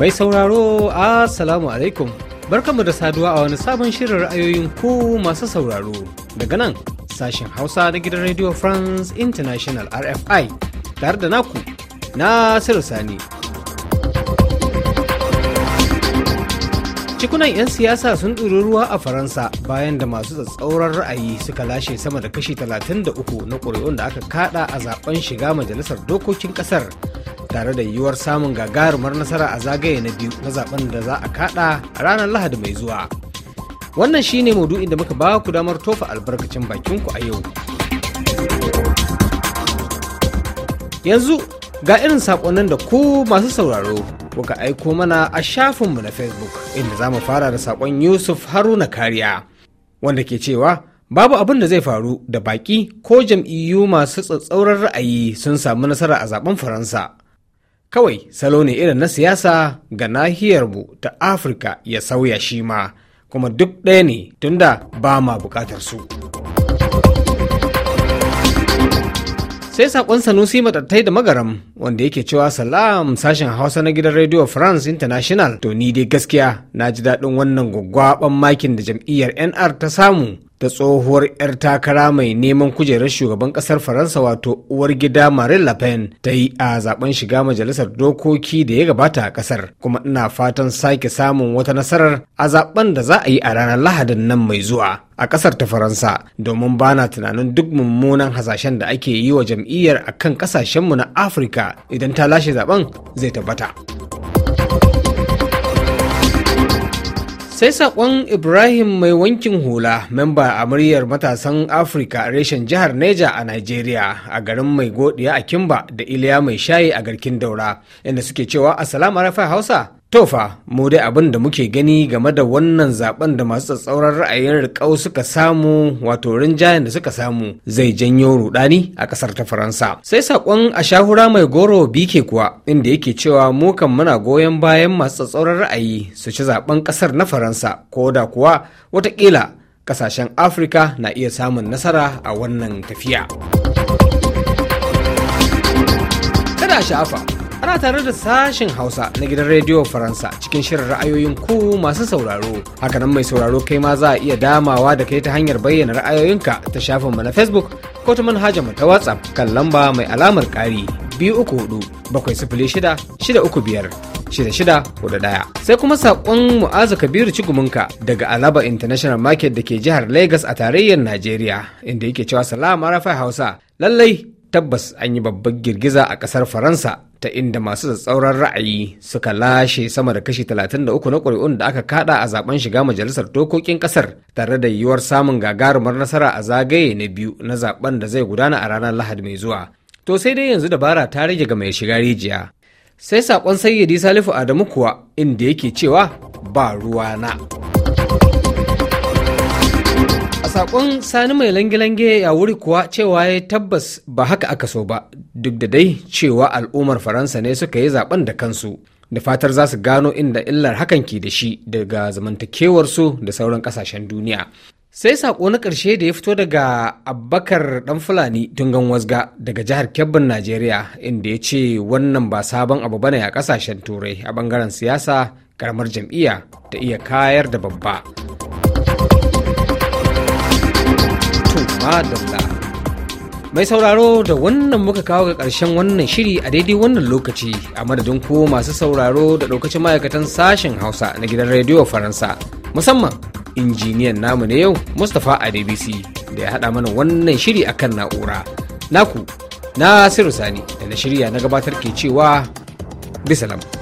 Mai sauraro, Assalamu alaikum. Barkanmu da saduwa a wani sabon shirin ra'ayoyin ku masu sauraro. Daga nan, sashen Hausa na gidan Radio France International RFI, tare da naku, Nasiru Sani. cikunan 'yan siyasa sun ɗuri ruwa a faransa bayan da masu tsatsauran ra'ayi suka lashe sama da kashi 33 na ƙuri'un da aka kaɗa a zaben shiga majalisar dokokin ƙasar tare da yiwuwar samun gagarumar nasara a zagaye na biyu na zaben da za a kaɗa a ranar lahadi mai zuwa wannan shine maudu'in da muka ba ku damar tofa albarkacin bakin ku a yau yanzu ga irin saƙonnin da ku masu sauraro kuka aiko mana a shafinmu na Facebook inda za mu fara da saƙon Yusuf Haruna Kariya wanda ke cewa babu abin da zai faru da baƙi ko jam'iyyu masu tsatsauran ra'ayi sun samu nasara a zaben Faransa. Kawai salo ne irin na siyasa ga nahiyarmu ta Afirka ya sauya shi ma kuma duk ɗaya ne tunda ba ma buƙatar su. sai sakon sanusi matattai da magaram wanda yake cewa salam sashen hausa na gidan radio france international to ni dai gaskiya na ji daɗin wannan gwaggwaban makin da jam'iyyar nr ta samu da tsohuwar 'yar takara mai neman kujerar shugaban kasar faransa wato uwar gida marine le ta yi a zaben shiga majalisar dokoki da ya gabata a kasar kuma ina fatan sake samun wata nasarar a zaben da za a yi a ranar lahadin nan mai zuwa a kasar ta faransa domin bana tunanin duk mummunan hasashen da ake yi wa jam'iyyar akan kasashenmu na afirka idan ta lashe zaben zai tabbata. sai sakon ibrahim mai wankin hula memba a muryar matasan afirka reshen jihar neja a Najeriya a garin mai godiya a kimba da iliya mai shayi a garkin daura inda suke cewa assalamu alaikum hausa Tofa, mu dai abin da muke gani game da wannan zaben da masu tsatsauran ra'ayin rikau suka samu wato rinjayen da suka samu zai janyo rudani a kasar ta Faransa. Sai sakon a shahura mai goro bike kuwa inda yake cewa mukan muna goyon bayan masu tsatsauran ra'ayi su ci zaben kasar na Faransa ko da kuwa watakila kasashen Afirka na iya samun nasara a wannan tafiya. Kada shafa. ana tare da sashen hausa na gidan rediyo faransa cikin shirin ra'ayoyin ku masu sauraro hakanan mai sauraro kai ma za a iya damawa da kai ta hanyar bayyana ra'ayoyinka ta shafinmu na facebook ko ta manhajar mu ta whatsapp kan lamba mai alamar kari biyu uku hudu bakwai sifili shida shida uku biyar shida shida hudu daya sai kuma saƙon mu'azu kabiru ciguminka daga alaba international market da ke jihar lagos a tarayyar najeriya inda yake cewa salama rafai hausa lallai tabbas an yi babbar girgiza a ƙasar faransa ta inda masu tsatsauran ra'ayi suka lashe sama da kashi 33 na ƙuri'un da aka kada a zaben shiga majalisar dokokin ƙasar tare da yiwuwar samun gagarumar nasara a zagaye na biyu na zaben da zai gudana a ranar lahadi mai zuwa to sai dai yanzu dabara ta rage ga mai shiga rijiya sai sakon sayyidi salifu adamu kuwa inda yake cewa ba ruwa na. sakon sani mai langilange ya wuri kuwa cewa ya tabbas ba haka aka so ba duk da dai cewa al'ummar faransa ne suka yi zaben da kansu da fatar za su gano inda illar hakan ke da shi daga zamantakewarsu da sauran kasashen duniya sai saƙo na ƙarshe da ya fito daga abbakar ɗan fulani tungan wasga daga jihar kebbin najeriya inda ya ce wannan ba sabon abu bane a ƙasashen turai a ɓangaren siyasa karamar jam'iyya ta iya kayar da babba. Mai sauraro da wannan muka kawo ga ƙarshen wannan shiri a daidai wannan lokaci a madadin ko masu sauraro da lokacin ma'aikatan sashen Hausa na gidan rediyo Faransa. Musamman injiniyan namu na yau Mustapha Adebisi da ya haɗa mana wannan shiri akan na'ura. Naku Nasiru Sani da na shirya na gabatar ke cewa bisalam.